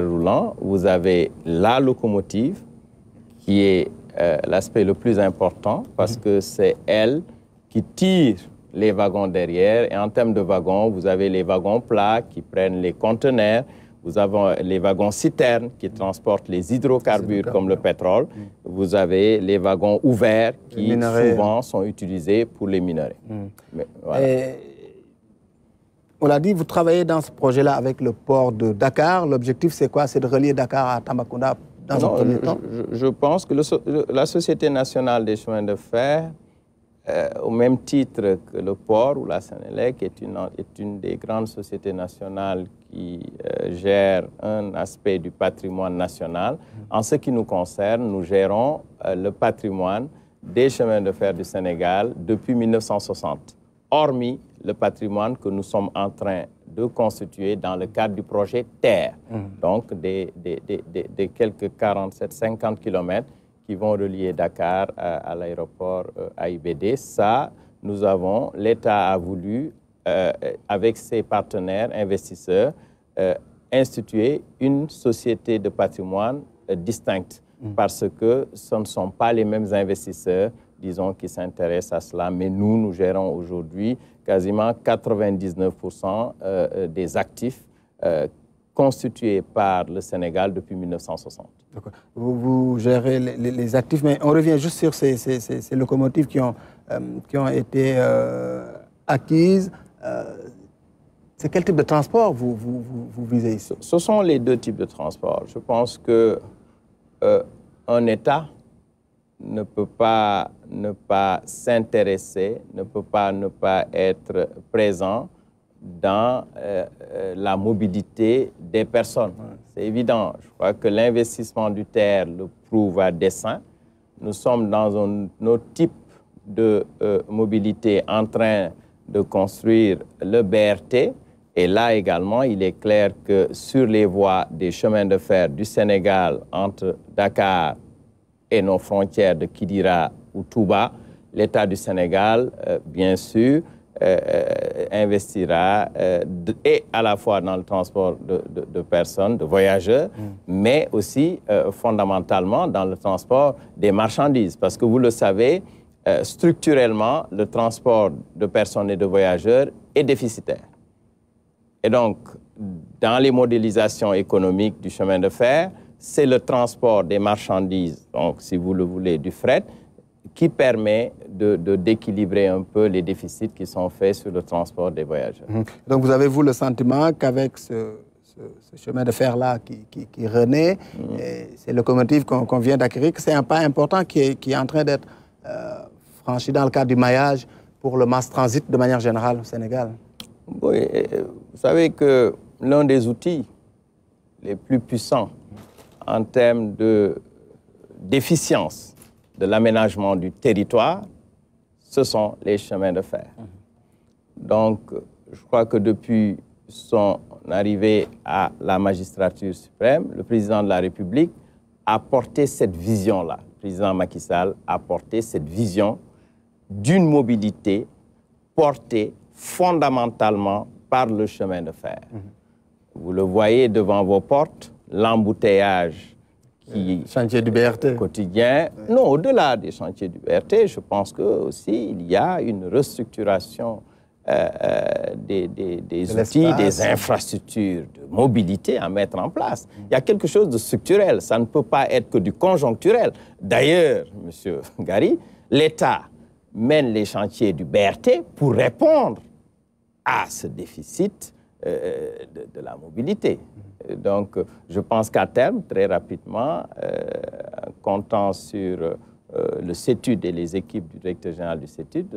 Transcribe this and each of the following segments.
roulant, vous avez la locomotive qui est euh, l'aspect le plus important parce que c'est elle qui tire les wagons derrière. Et en termes de wagons, vous avez les wagons plats qui prennent les conteneurs, vous avez les wagons citernes qui transportent les hydrocarbures comme le pétrole. Mm. Vous avez les wagons ouverts qui souvent sont utilisés pour les minerais. Mm. voilà on l'a dit, vous travaillez dans ce projet-là avec le port de Dakar. L'objectif, c'est quoi C'est de relier Dakar à Tambacounda dans un premier temps je, pense que la Société nationale des chemins de fer, euh, au même titre que le port ou la Sénélec, est une, est une des grandes sociétés nationales qui euh, gère un aspect du patrimoine national. En ce qui nous concerne, nous gérons euh, le patrimoine des chemins de fer du Sénégal depuis 1960, hormis le patrimoine que nous sommes en train de constituer dans le cadre du projet Terre, mmh. donc des, quelques 47-50 kilomètres qui vont relier Dakar à, l'aéroport AIBD. Euh, Ça, nous avons, l'État a voulu, euh, avec ses partenaires investisseurs, euh, instituer une société de patrimoine distincte mmh. parce que ce ne sont pas les mêmes investisseurs disons, qui s'intéressent à cela. Mais nous, nous gérons aujourd'hui quasiment 99% euh, euh, des actifs euh, constitués par le Sénégal depuis 1960. Vous, vous, gérez les, actifs, mais on revient juste sur ces, locomotives qui ont, qui ont été acquises. c'est quel type de transport vous, vous, vous visez ici ce, sont les deux types de transport. Je pense que un État ne peut pas ne pas s'intéresser, ne peut pas ne pas être présent dans euh, euh, la mobilité des personnes. C'est évident. Je crois que l'investissement du terre le prouve à dessein. Nous sommes dans un, autre type de euh, mobilité en train de construire le BRT. Et là également, il est clair que sur les voies des chemins de fer du Sénégal entre Dakar et nos frontières de Kidira ou Touba, l'État du Sénégal, euh, bien sûr, euh, euh, investira et à la fois dans le transport de, personnes, de voyageurs, mm. mais aussi fondamentalement dans le transport des marchandises. Parce que vous le savez, structurellement, le transport de personnes et de voyageurs est déficitaire. Et donc, dans les modélisations économiques du chemin de fer, c'est le transport des marchandises, donc si vous le voulez, du fret, qui permet de, d'équilibrer un peu les déficits qui sont faits sur le transport des voyageurs. Mhm. Donc vous avez, vous, le sentiment qu'avec ce, chemin de fer-là qui, qui, renaît, mhm. c'est locomotive qu'on, vient d'acquérir, que c'est un pas important qui est, en train d'être euh, franchi dans le cadre du maillage pour le mass transit de manière générale au Sénégal vous savez que l'un des outils les plus puissants en termes d'efficience de, de l'aménagement du territoire, ce sont les chemins de fer. Donc, je crois que depuis son arrivée à la magistrature suprême, le président de la République a porté cette vision-là. Le président Macky Sall a porté cette vision d'une mobilité portée fondamentalement par le chemin de fer. Mhm. Vous le voyez devant vos portes, l'embouteillage qui chantier euh, du quotidien. Non, au-delà des chantiers du BRT, je pense que aussi il y a une restructuration euh, euh, des, des, outils, des infrastructures de mobilité à mettre en place. Il y a quelque chose de structurel. Ça ne peut pas être que du conjoncturel. D'ailleurs, Monsieur Gary, l'État mène les chantiers du BRT pour répondre à ce déficit euh, de, la mobilité. Donc, je pense qu'à terme, très rapidement, euh, comptant sur euh, le CETUD et les équipes du directeur général du CETUD,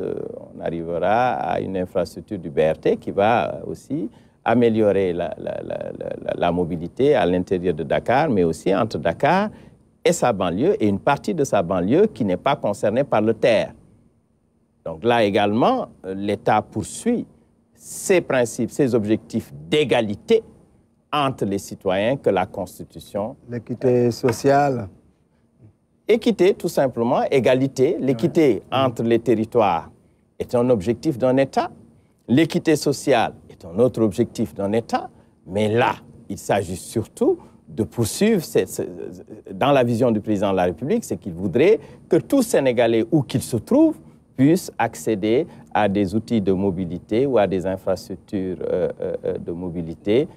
on arrivera à une infrastructure du BRT qui va aussi améliorer la, la mobilité à l'intérieur de Dakar, mais aussi entre Dakar et sa banlieue, et une partie de sa banlieue qui n'est pas concernée par le terre. Donc là également, l'État poursuit ces principes, ces objectifs d'égalité entre les citoyens que la Constitution. L'équité sociale. Équité, tout simplement, égalité. L'équité mm. entre les territoires est un objectif d'un État. L'équité sociale est un autre objectif d'un État. Mais là, il s'agit surtout de poursuivre, dans la vision du président de la République, c'est qu'il voudrait que tout Sénégalais, où qu'il se trouve, puisse accéder à des outils de mobilité ou à des infrastructures euh, euh, euh, de mobilité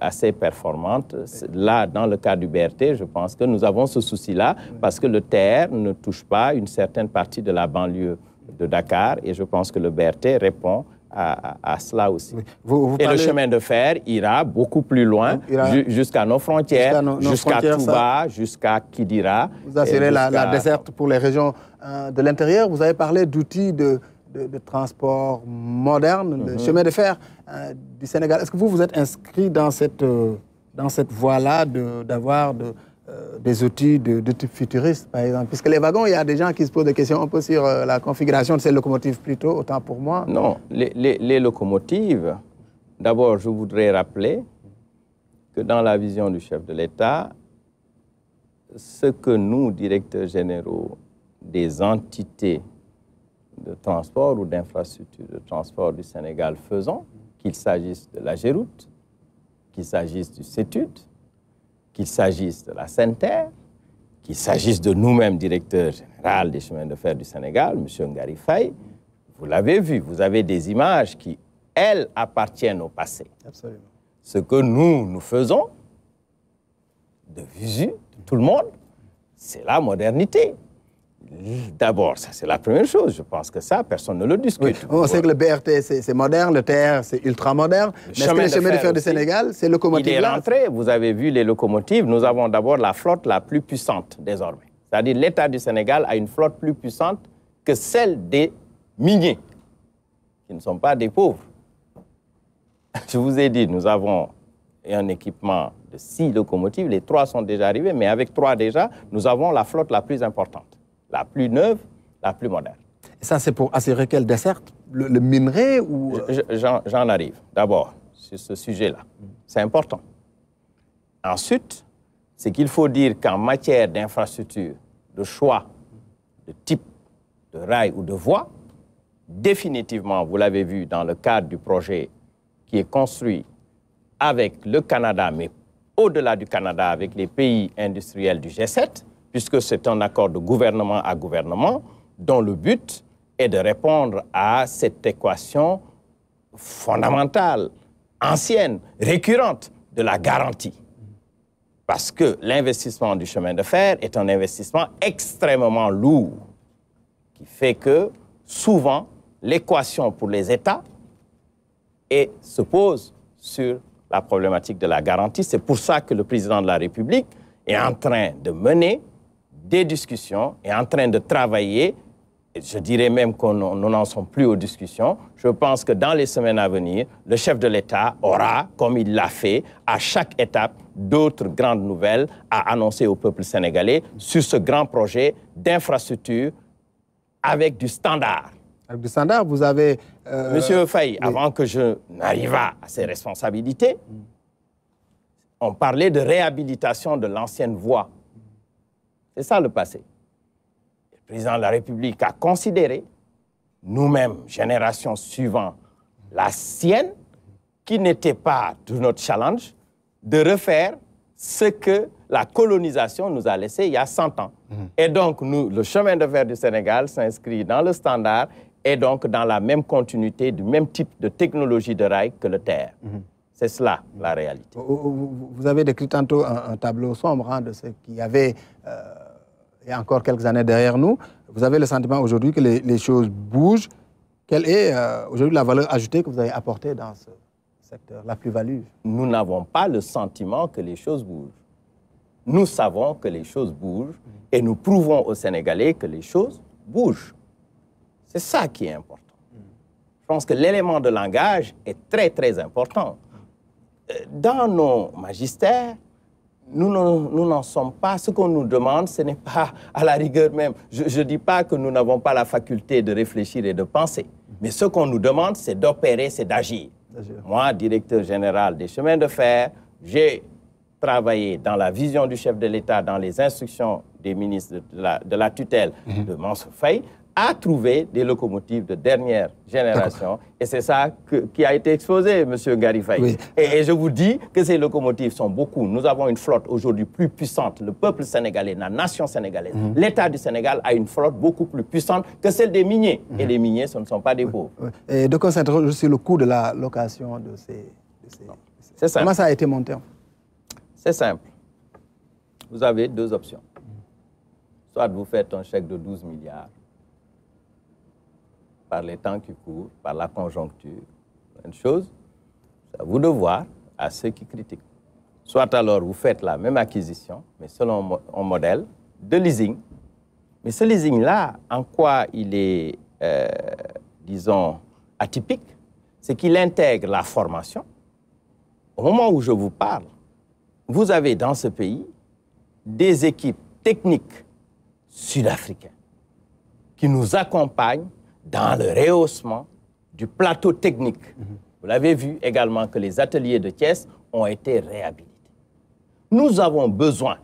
assez performantes. Là, dans le cas du BRT, je pense que nous avons ce souci-là parce que le terre ne touche pas une certaine partie de la banlieue de Dakar et je pense que le BRT répond à, cela aussi. et le chemin de fer ira beaucoup plus loin, jusqu'à nos frontières, jusqu'à Touba, jusqu'à Kidira. Vous assurez la, la, déserte pour les régions de l'intérieur. Vous avez parlé d'outils de, de, transport moderne, le mhm. chemin de fer euh, du Sénégal. Est-ce que vous vous êtes inscrit dans cette, euh, dans cette voie-là d'avoir de, euh, des outils de, type futuriste, par exemple Puisque les wagons, il y a des gens qui se posent des questions un peu sur la configuration de ces locomotives plutôt, autant pour moi. Non, les, les, les locomotives, d'abord, je voudrais rappeler que dans la vision du chef de l'État, ce que nous, directeurs généraux des entités de transport ou d'infrastructure de transport du Sénégal faisant, qu'il s'agisse de la Géroute, qu'il s'agisse du CETUD, qu'il s'agisse de la Sainte-Terre, qu'il s'agisse de nous-mêmes, directeur général des chemins de fer du Sénégal, M. Ngari vous l'avez vu, vous avez des images qui, elles, appartiennent au passé. Ce que nous, nous faisons, de visu, de tout le monde, c'est la modernité. D'abord, ça c'est la première chose. Je pense que ça, personne ne le discute. On sait que le BRT c'est moderne, le TR c'est ultra moderne. mais chemin le chemin de fer, du Sénégal, c'est locomotive. Il est Vous avez vu les locomotives. Nous avons d'abord la flotte la plus puissante désormais. C'est-à-dire l'État du Sénégal a une flotte plus puissante que celle des miniers, qui ne sont pas des pauvres. Je vous ai dit, nous avons un équipement de six locomotives. Les trois sont déjà arrivés, mais avec trois déjà, nous avons la flotte la plus importante la plus neuve, la plus moderne. Et Ça, c'est pour assurer quel dessert le, minerai ou... Euh? J'en arrive d'abord sur ce sujet-là. C'est important. Ensuite, c'est qu'il faut dire qu'en matière d'infrastructure, de choix, de type de rail ou de voie, définitivement, vous l'avez vu dans le cadre du projet qui est construit avec le Canada, mais au-delà du Canada, avec les pays industriels du G7, puisque c'est un accord de gouvernement à gouvernement dont le but est de répondre à cette équation fondamentale, ancienne, récurrente de la garantie. Parce que l'investissement du chemin de fer est un investissement extrêmement lourd, qui fait que souvent l'équation pour les États se pose sur la problématique de la garantie. C'est pour ça que le président de la République est en train de mener des discussions et en train de travailler. Je dirais même qu'on nous n'en sommes plus aux discussions. Je pense que dans les semaines à venir, le chef de l'État aura, comme il l'a fait, à chaque étape, d'autres grandes nouvelles à annoncer au peuple sénégalais sur ce grand projet d'infrastructure avec du standard. Avec du standard, vous avez... Euh, Monsieur Faye, avant que je n'arrive à ces responsabilités, on parlait de réhabilitation de l'ancienne voie. C'est ça le passé. Le président de la République a considéré, nous-mêmes, génération suivante, la sienne, qui n'était pas de notre challenge, de refaire ce que la colonisation nous a laissé il y a 100 ans. Mhm. Et donc, nous, le chemin de fer du Sénégal s'inscrit dans le standard et donc dans la même continuité, du même type de technologie de rail que le terre. Mhm. C'est cela, la réalité. Vous avez décrit tantôt un, tableau sombre hein, de ce qu'il y avait euh, et encore quelques années derrière nous, vous avez le sentiment aujourd'hui que les, choses bougent. Quelle est euh, aujourd'hui la valeur ajoutée que vous avez apportée dans ce secteur, la plus-value Nous n'avons pas le sentiment que les choses bougent. Nous savons que les choses bougent et nous prouvons aux Sénégalais que les choses bougent. C'est ça qui est important. Je pense que l'élément de langage est très, très important. Euh, dans nos magistères, nous n'en sommes pas. Ce qu'on nous demande, ce n'est pas à la rigueur même. Je ne dis pas que nous n'avons pas la faculté de réfléchir et de penser. Mais ce qu'on nous demande, c'est d'opérer, c'est d'agir. Moi, directeur général des chemins de fer, j'ai travaillé dans la vision du chef de l'État, dans les instructions des ministres de la, tutelle mhm. de Mansour a trouvé des locomotives de dernière génération. Et c'est ça qui a été exposé, M. Garifay. Et, je vous dis que ces locomotives sont beaucoup. Nous avons une flotte aujourd'hui plus puissante. Le peuple sénégalais, la nation sénégalaise, mhm. l'État du Sénégal a une flotte beaucoup plus puissante que celle des miniers. Mhm. Et les miniers, ce ne sont pas des pauvres. Et de quoi s'interroge le coût de la location de ces... De ces... C'est Comment ça a été monté C'est simple. Vous avez deux options. Soit vous faites un chèque de 12 milliards, par les temps qui courent, par la conjoncture, une chose, choses. C'est à vous de voir à ceux qui critiquent. Soit alors vous faites la même acquisition, mais selon un modèle de leasing. Mais ce leasing-là, en quoi il est, euh, disons, atypique, c'est qu'il intègre la formation. Au moment où je vous parle, vous avez dans ce pays des équipes techniques sud-africaines qui nous accompagnent dans le rehaussement du plateau technique. Vous l'avez vu également que les ateliers de Thiès ont été réhabilités. Nous avons besoin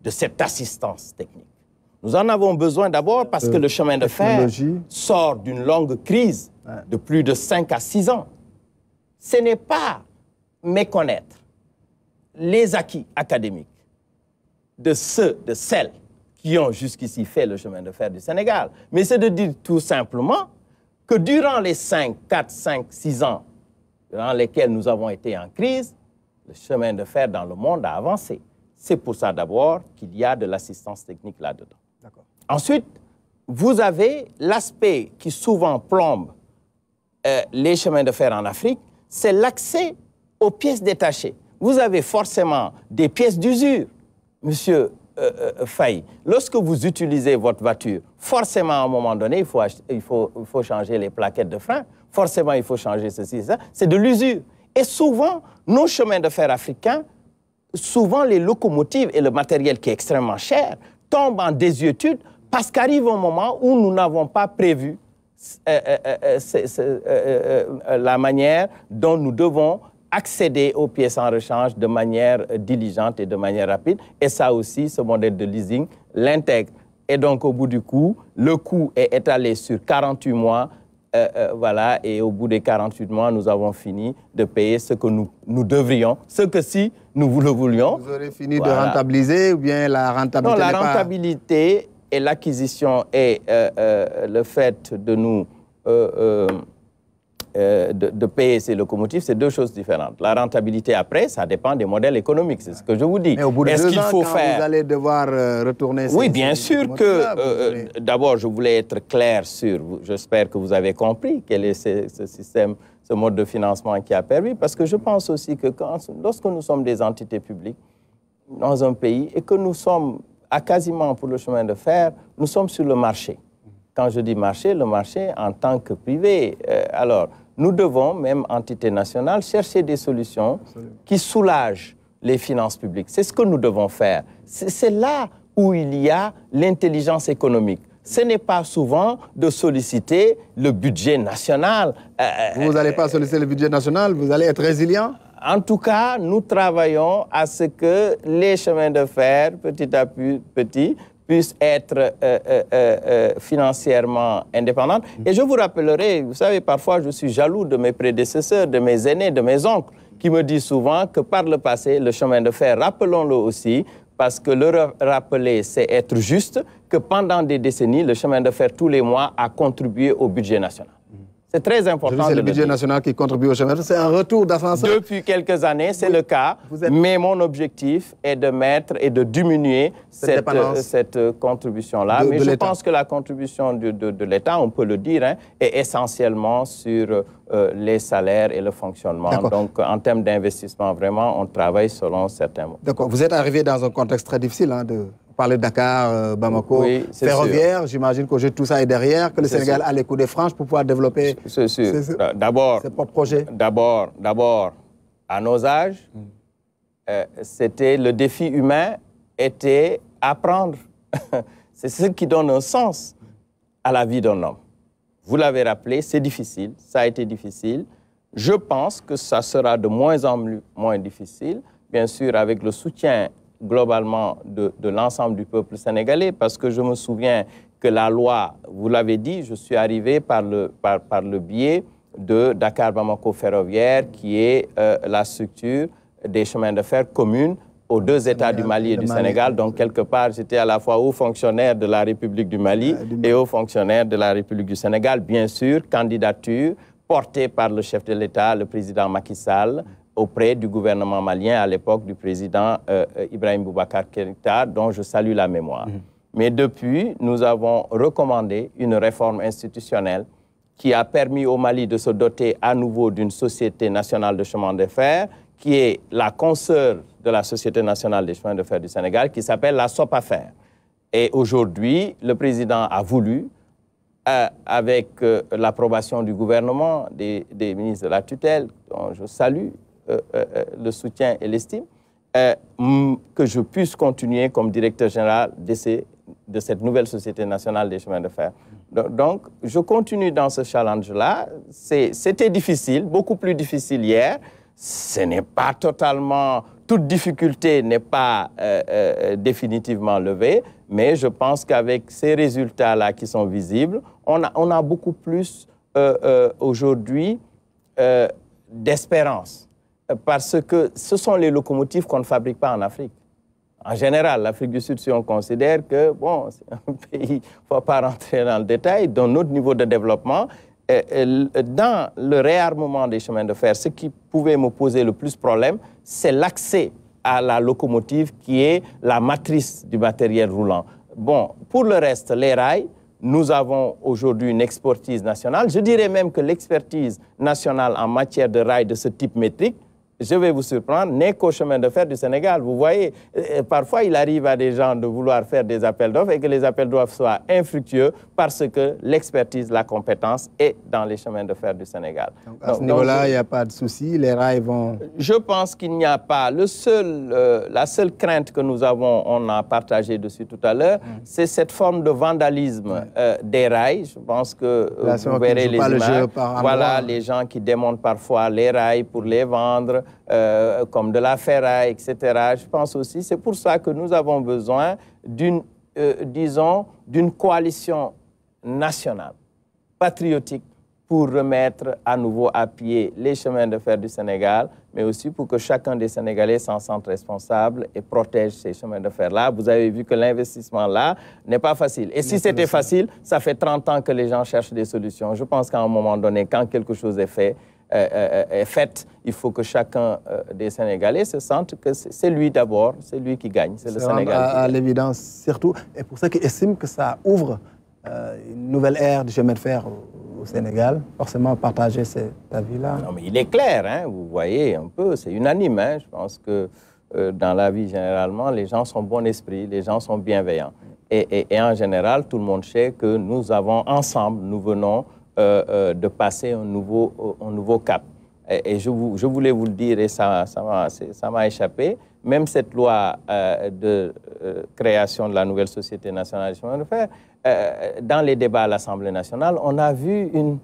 de cette assistance technique. Nous en avons besoin d'abord parce euh, que le chemin de fer sort d'une longue crise de plus de 5 à 6 ans. Ce n'est pas méconnaître les acquis académiques de ceux, de celles qui ont jusqu'ici fait le chemin de fer du Sénégal. Mais c'est de dire tout simplement que durant les 5, 4, 5, 6 ans durant lesquels nous avons été en crise, le chemin de fer dans le monde a avancé. C'est pour ça d'abord qu'il y a de l'assistance technique là-dedans. Ensuite, vous avez l'aspect qui souvent plombe euh, les chemins de fer en Afrique, c'est l'accès aux pièces détachées. Vous avez forcément des pièces d'usure. Monsieur euh, euh Lorsque vous utilisez votre voiture, forcément, à un moment donné, il faut, il faut, il faut changer les plaquettes de frein. Forcément, il faut changer ceci, ça. C'est de l'usure. Et souvent, nos chemins de fer africains, souvent les locomotives et le matériel qui est extrêmement cher tombent en désuétude parce qu'arrive un moment où nous n'avons pas prévu euh, euh, la manière dont nous devons accéder aux pièces en rechange de manière euh, diligente et de manière rapide. Et ça aussi, ce modèle de leasing l'intègre. Et donc, au bout du coup, le coût est étalé sur 48 mois. Euh, euh, voilà, et au bout des 48 mois, nous avons fini de payer ce que nous, nous devrions, ce que si nous le voulions. Vous aurez fini de rentabiliser ou bien la rentabilité Non, la rentabilité et l'acquisition et le fait de nous euh, de, de, payer ces locomotives, c'est deux choses différentes. La rentabilité après, ça dépend des modèles économiques, c'est ce que je vous dis. Mais au bout de deux faut faire... vous allez devoir euh, retourner... Oui, bien sûr que... Euh, d'abord, je voulais être clair sur... J'espère que vous avez compris quel est ce, système, ce mode de financement qui a permis, parce que je pense aussi que quand, lorsque nous sommes des entités publiques dans un pays et que nous sommes à quasiment pour le chemin de fer, nous sommes sur le marché. Quand je dis marché, le marché en tant que privé. Euh, alors, nous devons, même entité nationale, chercher des solutions qui soulagent les finances publiques. C'est ce que nous devons faire. C'est là où il y a l'intelligence économique. Ce n'est pas souvent de solliciter le budget national. Euh, euh, vous n'allez pas solliciter le budget national, vous allez être résilient en tout cas, nous travaillons à ce que les chemins de fer, petit à petit, puissent être euh, euh, euh, financièrement indépendante. Mm-hmm. Et je vous rappellerai, vous savez, parfois je suis jaloux de mes prédécesseurs, de mes aînés, de mes oncles, qui me disent souvent que par le passé, le chemin de fer, rappelons-le aussi, parce que le rappeler, c'est être juste, que pendant des décennies, le chemin de fer tous les mois a contribué au budget national. C'est très important. C'est le budget national qui contribue au chômage. C'est un retour d'ascenseur. Depuis quelques années, c'est le cas. Mais mon objectif est de mettre et de diminuer cette, euh, euh, contribution-là. Mais je pense que la contribution de, l'État, on peut le dire, hein, est essentiellement sur euh, les salaires et le fonctionnement. Donc, en termes d'investissement, vraiment, on travaille selon certains mots. D'accord. Vous êtes arrivé dans un contexte très difficile hein, de, parler Dakar, euh, Bamako, ferroviaire. J'imagine que tout ça est derrière, que le Sénégal a les coups des franges pour pouvoir développer bah, Ses, propres projets. D'abord, d'abord, à nos âges, mm. euh, c'était le défi humain était apprendre. c'est ce qui donne un sens à la vie d'un homme. Vous l'avez rappelé, c'est difficile, ça a été difficile. Je pense que ça sera de moins en moins difficile, bien sûr avec le soutien globalement de, l'ensemble du peuple sénégalais, parce que je me souviens que la loi, vous l'avez dit, je suis arrivé par le, biais de Dakar Bamako Ferroviaire, qui est euh, la structure des chemins de fer communes aux deux États du Mali et du Sénégal. Donc, quelque part, j'étais à la fois haut fonctionnaire de la République du Mali et haut fonctionnaire de la République du Sénégal. Bien sûr, candidature portée par le chef de l'État, le président Macky Sall, auprès du gouvernement malien à l'époque du président euh, euh, Ibrahim Boubacar Keïta, dont je salue la mémoire. Mhm. Mais depuis, nous avons recommandé une réforme institutionnelle qui a permis au Mali de se doter à nouveau d'une société nationale de chemin de fer, qui est la consoeur de la Société nationale des chemins de fer du Sénégal, qui s'appelle la SOPAFER. Et aujourd'hui, le président a voulu, euh, avec l'approbation du gouvernement, des, des ministres de la tutelle, dont je salue euh, euh, euh, le soutien et l'estime, que je puisse continuer comme directeur général de, cette nouvelle Société nationale des chemins de fer. Donc, je continue dans ce challenge-là. C'était difficile, beaucoup plus difficile hier. Ce n'est pas totalement... Toute difficulté n'est pas définitivement levée, mais je pense qu'avec ces résultats-là qui sont visibles, on a, on a beaucoup plus aujourd'hui d'espérance parce que ce sont les locomotives qu'on ne fabrique pas en Afrique. En général, l'Afrique du Sud, si on considère que, bon, c'est un pays, il ne faut pas rentrer dans le détail, dans notre niveau de développement, dans le réarmement des chemins de fer, ce qui pouvait me poser le plus problème, c'est l'accès à la locomotive qui est la matrice du matériel roulant. Bon, pour le reste, les rails, nous avons aujourd'hui une expertise nationale. Je dirais même que l'expertise nationale en matière de rails de ce type métrique je vais vous surprendre, n'est qu'au chemin de fer du Sénégal. Vous voyez, euh, parfois il arrive à des gens de vouloir faire des appels d'offres et que les appels d'offres soient infructueux parce que l'expertise, la compétence est dans les chemins de fer du Sénégal. Donc, à ce niveau-là, il n'y a pas de souci, les rails vont... Je pense qu'il n'y a pas. Le seul, euh, la seule crainte que nous avons, on a partagé dessus tout à l'heure, mm. c'est cette forme de vandalisme euh, des rails. Je pense que vous verrez les images. voilà, les gens qui démontent parfois les rails pour les vendre. Euh, comme de la ferraille, etc. Je pense aussi, c'est pour ça que nous avons besoin d'une, euh, disons, d'une coalition nationale, patriotique, pour remettre à nouveau à pied les chemins de fer du Sénégal, mais aussi pour que chacun des Sénégalais s'en sente responsable et protège ces chemins de fer-là. Vous avez vu que l'investissement-là n'est pas facile. Et si c'était facile, ça fait 30 ans que les gens cherchent des solutions. Je pense qu'à un moment donné, quand quelque chose est fait, euh, euh, euh, est faite, il faut que chacun des Sénégalais se sente que c'est lui d'abord, c'est lui qui gagne, c'est le Sénégal. À, l'évidence, surtout. Et pour ça qu'ils estiment que ça ouvre une nouvelle ère du chemin de fer au Sénégal, forcément partager cet avis-là. Non, mais il est clair, hein, vous voyez un peu, c'est unanime. Hein, je pense que dans la vie, généralement, les gens sont bon esprit, les gens sont bienveillants. et, en général, tout le monde sait que nous avons ensemble, nous venons euh, euh, de passer un nouveau, euh, un nouveau cap. Et, je, vous, je, voulais vous le dire, et ça m'a échappé, même cette loi de création de la nouvelle société nationale du chemin de fer, dans les débats à l'Assemblée nationale, on a vu une,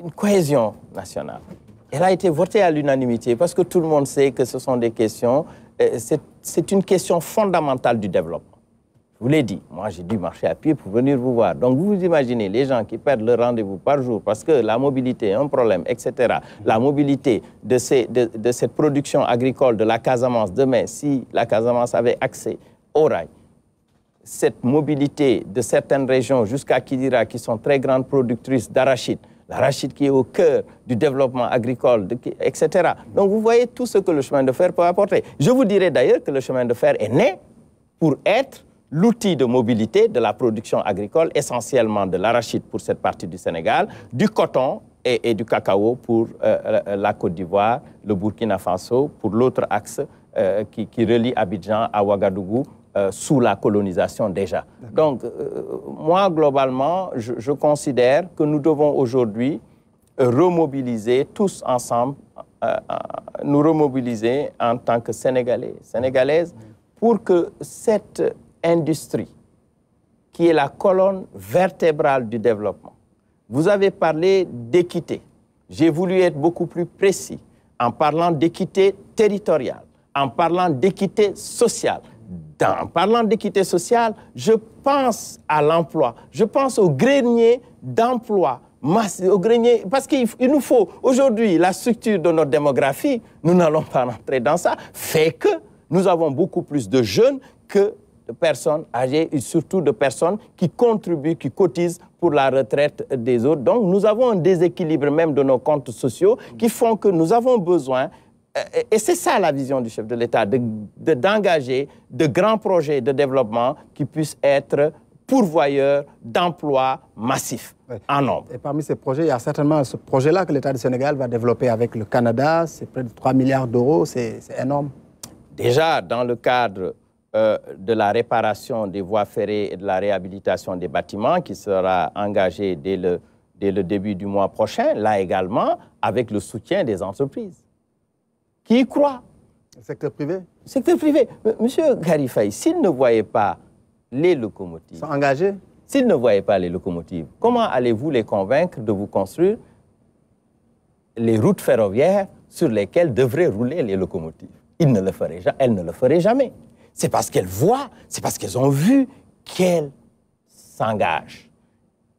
une, cohésion nationale. Elle a été votée à l'unanimité parce que tout le monde sait que ce sont des questions, c'est une question fondamentale du développement vous l'ai dit, moi j'ai dû marcher à pied pour venir vous voir. Donc vous vous imaginez les gens qui perdent leur rendez-vous par jour parce que la mobilité est un problème, etc. La mobilité de, ces, de, cette production agricole de la Casamance demain, si la Casamance avait accès au rail, cette mobilité de certaines régions jusqu'à Kidira qui sont très grandes productrices d'arachides, l'arachide qui est au cœur du développement agricole, etc. Donc vous voyez tout ce que le chemin de fer peut apporter. Je vous dirais d'ailleurs que le chemin de fer est né pour être l'outil de mobilité de la production agricole, essentiellement de l'arachide pour cette partie du Sénégal, du coton et, du cacao pour euh, euh, la Côte d'Ivoire, le Burkina Faso, pour l'autre axe euh, qui, relie Abidjan à Ouagadougou. sous la colonisation déjà. Donc, moi, globalement, je, je, considère que nous devons aujourd'hui remobiliser tous ensemble, nous remobiliser en tant que Sénégalais, Sénégalaises, pour que cette industrie, qui est la colonne vertébrale du développement. Vous avez parlé d'équité. J'ai voulu être beaucoup plus précis en parlant d'équité territoriale, en parlant d'équité sociale. en parlant d'équité sociale, je pense à l'emploi, je pense au grenier d'emploi, au grenier, parce qu'il nous faut aujourd'hui la structure de notre démographie, nous n'allons pas rentrer dans ça, fait que nous avons beaucoup plus de jeunes que de personnes âgées et surtout de personnes qui contribuent, qui cotisent pour la retraite des autres. Donc nous avons un déséquilibre même de nos comptes sociaux qui font que nous avons besoin, euh, et c'est ça la vision du chef de l'État, d'engager de, d'engager de grands projets de développement qui puissent être pourvoyeurs d'emplois massifs en nombre. Et parmi ces projets, il y a certainement ce projet-là que l'État du Sénégal va développer avec le Canada. C'est près de 3 milliards d'euros, c'est énorme. Déjà, dans le cadre euh, de la réparation des voies ferrées et de la réhabilitation des bâtiments qui sera engagée dès le, début du mois prochain, là également, avec le soutien des entreprises qui y croit ?– Le secteur privé le Secteur privé. Monsieur Garifay, s'il ne voyait pas les locomotives. Sont engagés S'ils ne voyaient pas les locomotives, comment allez-vous les convaincre de vous construire les routes ferroviaires sur lesquelles devraient rouler les locomotives ne le elles ne le feraient jamais c'est parce qu'elles voient, c'est parce qu'elles ont vu qu'elles s'engagent.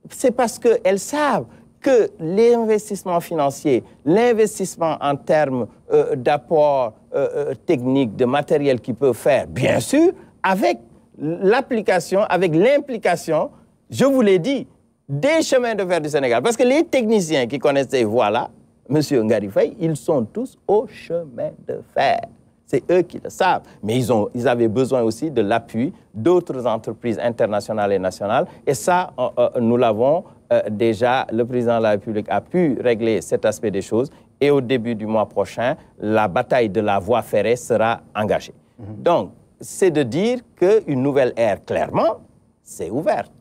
C'est parce qu'elles savent que l'investissement financier, l'investissement en termes euh, d'apport euh, euh, technique, de matériel qu'ils peut faire, bien sûr, avec l'application, avec l'implication, je vous l'ai dit, des chemins de fer du Sénégal. Parce que les techniciens qui connaissent ces voies-là, M. Ngarifay, ils sont tous au chemin de fer. C'est eux qui le savent. Mais ils, ont, ils avaient besoin aussi de l'appui d'autres entreprises internationales et nationales. Et ça, euh, euh, nous l'avons euh, déjà, le président de la République a pu régler cet aspect des choses. Et au début du mois prochain, la bataille de la voie ferrée sera engagée. Mhm. Donc, c'est de dire qu'une nouvelle ère, clairement, c'est ouverte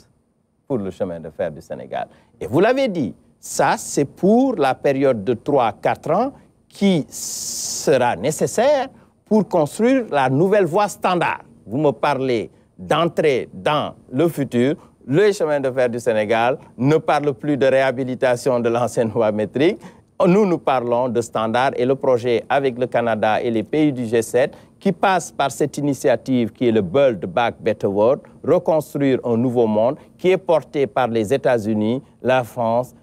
pour le chemin de fer du Sénégal. Et vous l'avez dit, ça, c'est pour la période de 3-4 ans qui sera nécessaire pour construire la nouvelle voie standard. Vous me parlez d'entrer dans le futur. Le chemin de fer du Sénégal ne parle plus de réhabilitation de l'ancienne voie métrique. Nous, nous parlons de standard et le projet avec le Canada et les pays du G7 qui passe par cette initiative qui est le Build Back Better World, reconstruire un nouveau monde qui est porté par les États-Unis, la France,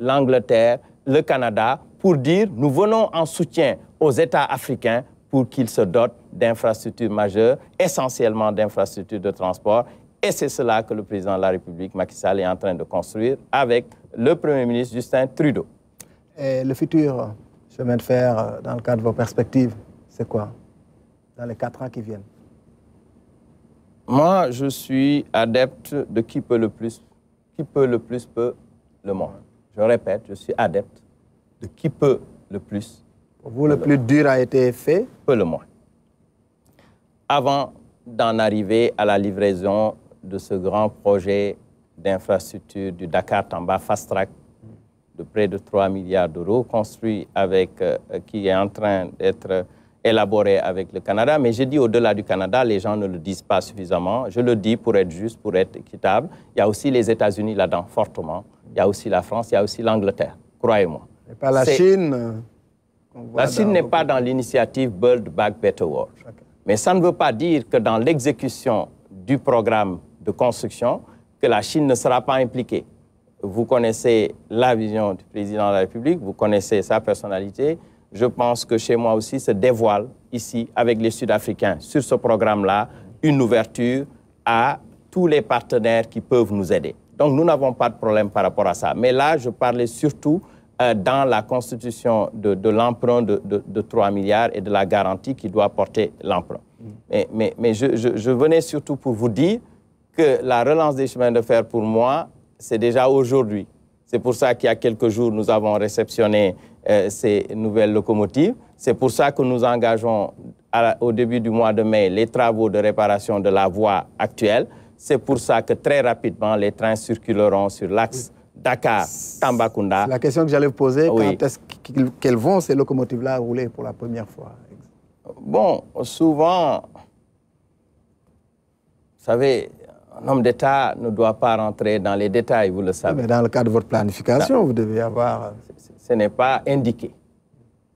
l'Angleterre, le Canada, pour dire nous venons en soutien aux États africains pour qu'il se dote d'infrastructures majeures, essentiellement d'infrastructures de transport. Et c'est cela que le président de la République, Macky Sall, est en train de construire avec le Premier ministre Justin Trudeau. Et le futur chemin de fer, euh, dans le cadre de vos perspectives, c'est quoi dans les quatre ans qui viennent Moi, je suis adepte de qui peut le plus, qui peut le plus peut le moins. Je répète, je suis adepte de qui peut le plus vous, le plus dur a été fait Peu le moins. Avant d'en arriver à la livraison de ce grand projet d'infrastructure du Dakar-Tamba Fast Track de près de 3 milliards d'euros, construit avec, euh, euh, qui est en train d'être euh, élaboré avec le Canada. Mais j'ai dit au-delà du Canada, les gens ne le disent pas suffisamment. Je le dis pour être juste, pour être équitable. Il y a aussi les États-Unis là-dedans, fortement. Il y a aussi la France, il y a aussi l'Angleterre, croyez-moi. Et pas la Chine bah, la Chine n'est pas dans l'initiative Build Back Better World. Mais ça ne veut pas dire que dans l'exécution du programme de construction, que la Chine ne sera pas impliquée. Vous connaissez la vision du président de la République, vous connaissez sa personnalité. Je pense que chez moi aussi se dévoile ici, avec les Sud-Africains, sur ce programme-là, une ouverture à tous les partenaires qui peuvent nous aider. Donc nous n'avons pas de problème par rapport à ça. Mais là, je parlais surtout euh, dans la constitution de, l'emprunt de, 3 milliards et de la garantie qui doit porter l'emprunt. Mm. Mais, mais, je, venais surtout pour vous dire que la relance des chemins de fer, pour moi, c'est déjà aujourd'hui. C'est pour ça qu'il y a quelques jours, nous avons réceptionné euh, ces nouvelles locomotives. C'est pour ça que nous engageons au début du mois de mai les travaux de réparation de la voie actuelle. C'est pour ça que très rapidement, les trains circuleront sur l'axe la question que j'allais vous poser, quand est-ce qu'elles vont ces locomotives-là rouler pour la première fois Bon, souvent, vous savez, un homme d'État ne doit pas rentrer dans les détails, vous le savez. Mais dans le cadre de votre planification, vous devez avoir... Euh, ce n'est pas indiqué.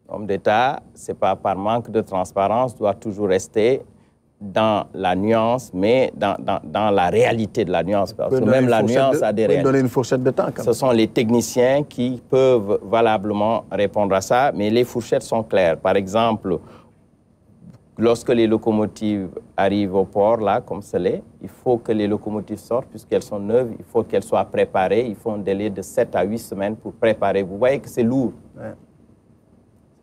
homme d'État, ce n'est pas par manque de transparence, doit toujours rester dans la nuance, mais dans, dans, dans, la réalité de la nuance. Parce que même la nuance a des règles. donner une fourchette de temps. Quand même. Ce sont les techniciens qui peuvent valablement répondre à ça, mais les fourchettes sont claires. Par exemple, lorsque les locomotives arrivent au port, là, comme cela, il faut que les locomotives sortent puisqu'elles sont neuves, il faut qu'elles soient préparées. Il faut un délai de 7 à 8 semaines pour préparer. Vous voyez que c'est lourd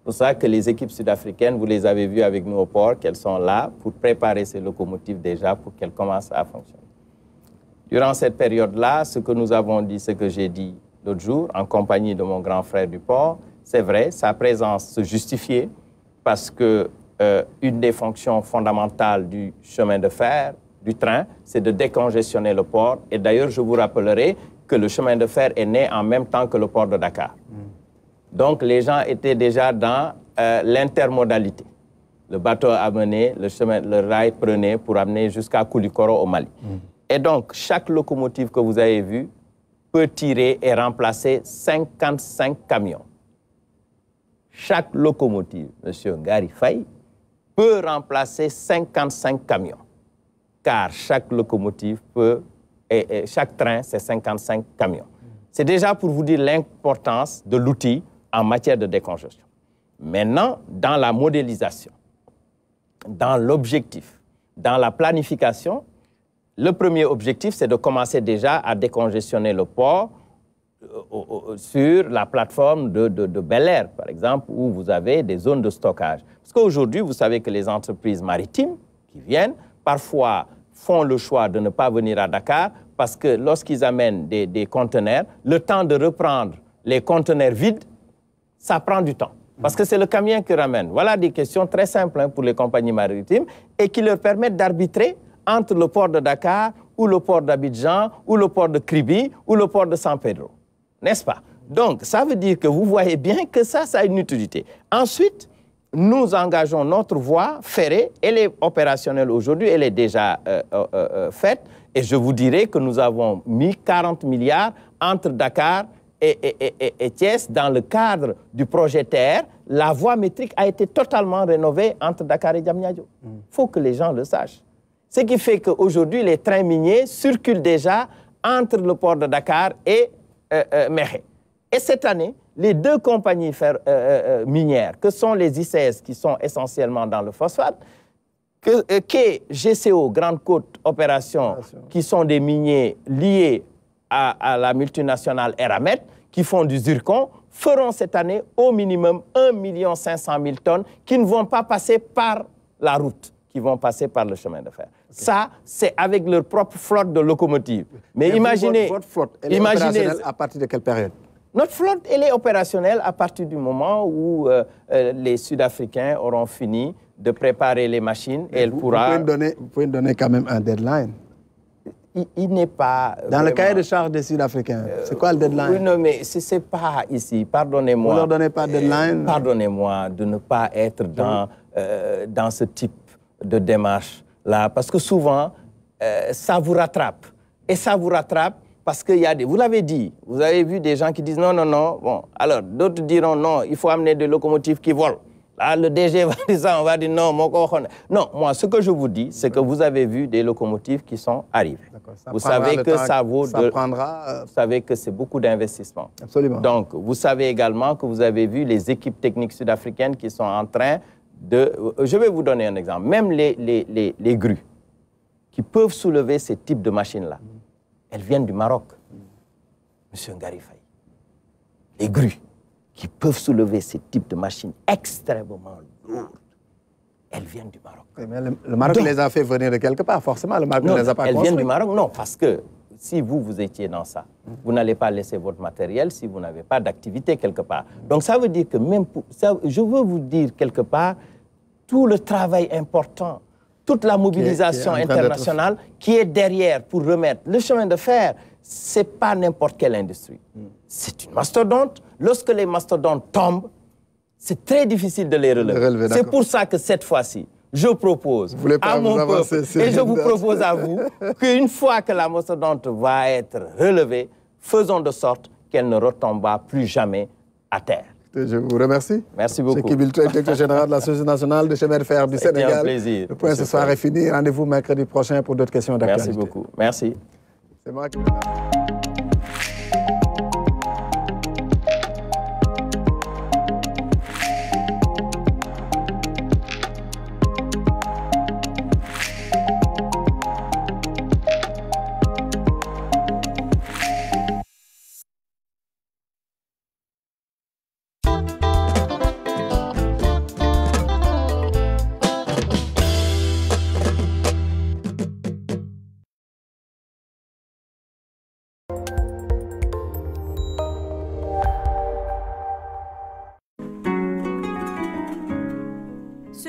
pour ça que les équipes sud-africaines, vous les avez vues avec nous au port, qu'elles sont là pour préparer ces locomotives déjà pour qu'elles commencent à fonctionner. Durant cette période-là, ce que nous avons dit, ce que j'ai dit l'autre jour, en compagnie de mon grand frère du port, c'est vrai, sa présence se justifiait parce que euh, une des fonctions fondamentales du chemin de fer, du train, c'est de décongestionner le port. Et d'ailleurs, je vous rappellerai que le chemin de fer est né en même temps que le port de Dakar. Donc les gens étaient déjà dans euh, l'intermodalité. Le bateau amenait, le chemin, le rail prenait pour amener jusqu'à Koulikoro au Mali. Mm-hmm. Et donc chaque locomotive que vous avez vue peut tirer et remplacer 55 camions. Chaque locomotive, Monsieur Ngari peut remplacer 55 camions, car chaque locomotive peut, et chaque train, c'est 55 camions. C'est déjà pour vous dire l'importance de l'outil en matière de décongestion. Maintenant, dans la modélisation, dans l'objectif, dans la planification, le premier objectif, c'est de commencer déjà à décongestionner le port euh, sur la plateforme de, Bel Air, par exemple, où vous avez des zones de stockage. Parce qu'aujourd'hui, vous savez que les entreprises maritimes qui viennent, parfois font le choix de ne pas venir à Dakar parce que lorsqu'ils amènent des conteneurs, le temps de reprendre les conteneurs vides ça prend du temps. Parce que c'est le camion qui ramène. Voilà des questions très simples hein, pour les compagnies maritimes et qui leur permettent d'arbitrer entre le port de Dakar ou le port d'Abidjan ou le port de Kribi ou le port de San Pedro. N'est-ce pas Donc, ça veut dire que vous voyez bien que ça, ça a une utilité. Ensuite, nous engageons notre voie ferrée. Elle est opérationnelle aujourd'hui, elle est déjà euh, euh, euh, faite. Et je vous dirai que nous avons mis 40 milliards entre Dakar et, et, dans le cadre du projet Terre, la voie métrique a été totalement rénovée entre Dakar et Diamniadio. Il mm. faut que les gens le sachent. Ce qui fait qu'aujourd'hui, les trains miniers circulent déjà entre le port de Dakar et euh, euh Et cette année, les deux compagnies euh, euh, minières, que sont les ICS, qui sont essentiellement dans le phosphate, que, GCO, Grande Côte Opération, qui sont des miniers liés à, la multinationale Eramet, qui font du zircon, feront cette année au minimum 1,5 million de tonnes qui ne vont pas passer par la route, qui vont passer par le chemin de fer. Ça, c'est avec leur propre flotte de locomotives. Mais, imaginez... Votre, flotte, elle est imaginez, à partir de quelle période notre flotte, elle est opérationnelle à partir du moment où euh, euh, les Sud-Africains auront fini de préparer les machines et, elle pourra... donner quand même un deadline il, n'est pas. Dans le cahier de charge des Sud-Africains, euh, c'est quoi le deadline Oui, non, mais ce n'est pas ici. Pardonnez-moi. Vous leur donnez pas de euh, deadline Pardonnez-moi de ne pas être dans, euh, dans ce type de démarche-là. Parce que souvent, ça vous rattrape. Et ça vous rattrape parce qu'il y a des. Vous l'avez dit, vous avez vu des gens qui disent non, non, non. Bon, alors d'autres diront non, il faut amener des locomotives qui volent. Là, ah, le DG va dire ça, on va dire non, mon Non, moi, ce que je vous dis, c'est que vous avez vu des locomotives qui sont arrivées. Vous savez que ça vaut ça prendra... Euh, vous savez que c'est beaucoup d'investissement. Absolument. Donc, vous savez également que vous avez vu les équipes techniques sud-africaines qui sont en train de... Euh, je vais vous donner un exemple. Même les, les, les, grues qui peuvent soulever ces types de machines-là, mm. elles viennent du Maroc. Mm. Monsieur Ngarifaï, Les grues qui peuvent soulever ce type de machines extrêmement lourdes, elles viennent du Maroc. le, Maroc les a fait venir de quelque part, forcément. Le Maroc ne les a pas Elles viennent du Maroc, non, parce que si vous, vous étiez dans ça, vous n'allez pas laisser votre matériel si vous n'avez pas d'activité quelque part. Donc ça veut dire que même pour, je veux vous dire quelque part, tout le travail important toute la mobilisation internationale qui est derrière pour remettre le chemin de fer, c'est pas n'importe quelle industrie. C'est une mastodonte. Lorsque les mastodontes tombent, c'est très difficile de les relever. c'est pour ça que cette fois-ci, je propose à mon peuple, et je vous propose à vous, qu'une fois que la mastodonte va être relevée, faisons de sorte qu'elle ne retombe plus jamais à terre. Je vous remercie. Merci beaucoup. C'est Kibil directeur général de la Société nationale de chemin de fer du Sénégal. Un plaisir. Le point ce soir est fini. Rendez-vous mercredi prochain pour d'autres questions d'actualité. Merci beaucoup. Merci. Até mais.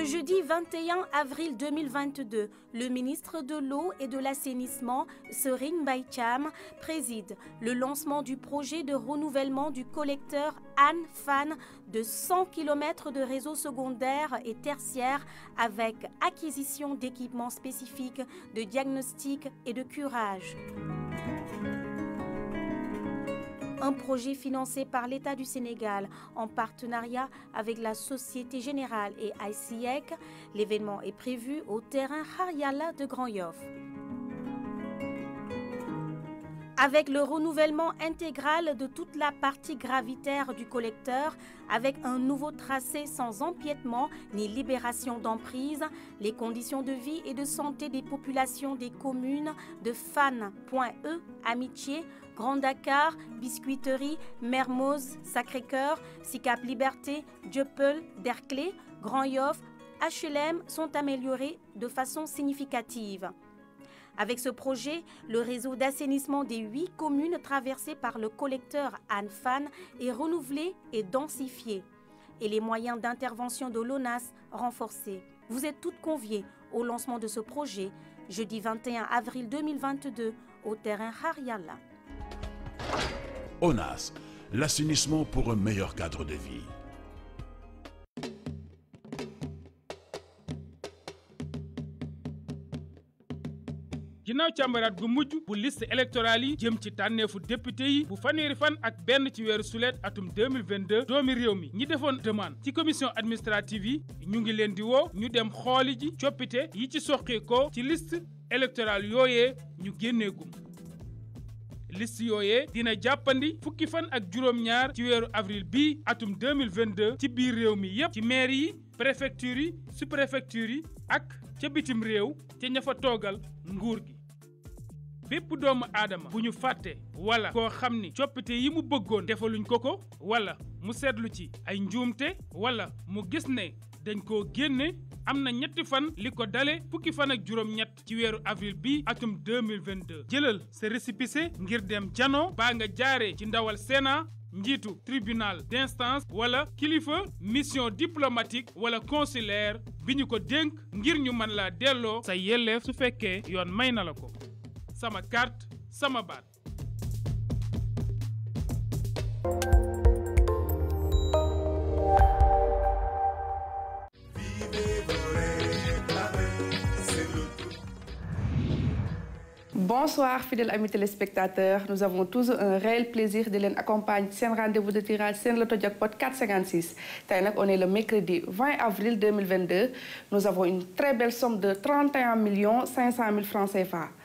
jeudi 21 avril 2022, le ministre de l'Eau et de l'Assainissement, Sering Baycham, préside le lancement du projet de renouvellement du collecteur ANFAN fan de 100 km de réseau secondaire et tertiaire avec acquisition d'équipements spécifiques de diagnostic et de curage. Un projet financé par l'État du Sénégal en partenariat avec la Société Générale et ICIEC. E L'événement est prévu au terrain Hariala de Grand Yoff. Avec le renouvellement intégral de toute la partie gravitaire du collecteur, avec un nouveau tracé sans empiètement ni libération d'emprise, les conditions de vie et de santé des populations des communes de Fan.e, Amitié, Grand Dakar, Biscuiterie, Mermoz, Sacré-Cœur, Sicap Liberté, Dieuppeul, Derclé, Grand Yoff, HLM sont améliorés de façon significative. Avec ce projet, le réseau d'assainissement des huit communes traversées par le collecteur Anfan Fan est renouvelé et densifié et les moyens d'intervention de l'ONAS renforcés. Vous êtes toutes conviées au lancement de ce projet jeudi 21 avril 2022 au terrain Hariala. ONAS, l'assainissement pour un meilleur cadre de vie. ginnaaw càmbaraat gu mujj bu liste électorale yi jëm ci tànneefu député yi bu fanweeri fan ak benn ci weeru sulet atum 2022 doomi réew mi ñi defoon demande ci commission administrative yi ñu ngi leen di woo ñu dem xooli ji coppite yi ci ko ci liste électorale yooyee ñu gum liste yooyee dina jàppandi fukki fan ak juróom-ñaar ci weeru avril bi atum 2022 ci biir réew mi yépp ci maire yi préfecture yi sous-préfecture yi ak ca bitim réew ca ña fa toogal nguur gi bépp doomu aadama bu ñu fàtte wala koo xam ni coppite yi mu bëggoon defaluñ ko ko wala mu seetlu ci ay njuumte wala mu gis ne dañ koo génne am na ñetti fan li ko dale fukki fan ak juróom-ñett ci weeru avril bi atum 2022 jëlal sa récépissé ngir dem jano baa nga jaaree ci ndawal Sénat njiitu tribunal d'instance wala kilifa mission diplomatique wala consulaire bi ñu ko dénk ngir ñu mën laa delloo sa yelleef su fekkee yoon may na la ko sama carte sama baat Bonsoir fidèles amis téléspectateurs, nous avons toujours un réel plaisir de les accompagner un rendez-vous de tirage c'est loto jackpot 456 on est le mercredi 20 avril 2022 nous avons une très belle somme de 31 500 000 francs CFA.